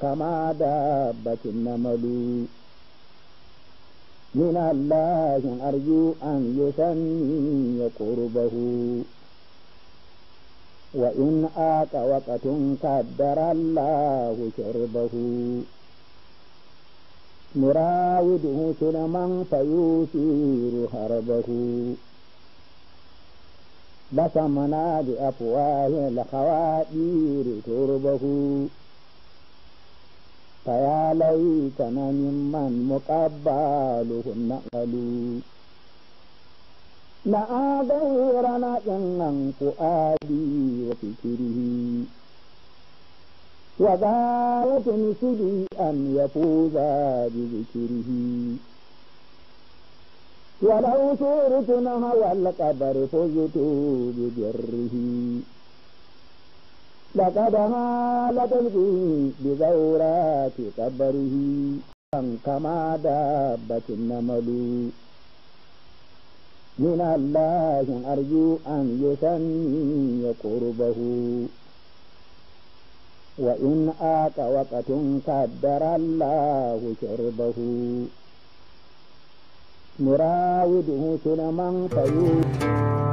كما دابة النمل من الله أرجو أن يثني قربه وإن آت وقت قدر الله شربه نراوده سلما فيثير هربه بصمنا بأفواه الخوائر تربه فيا ليتنا ممن مقبلهن نقلوا نعى غير نعم فؤادي وفكره وغاية نسلي أن يفوز بذكره ولو صرت نحو القبر فزت ببره لقد مالت البي بزورات قبره كما دابة النمل من الله أرجو أن يسني قربه وإن آت وقت قدر الله شربه مراود سلمان قيوب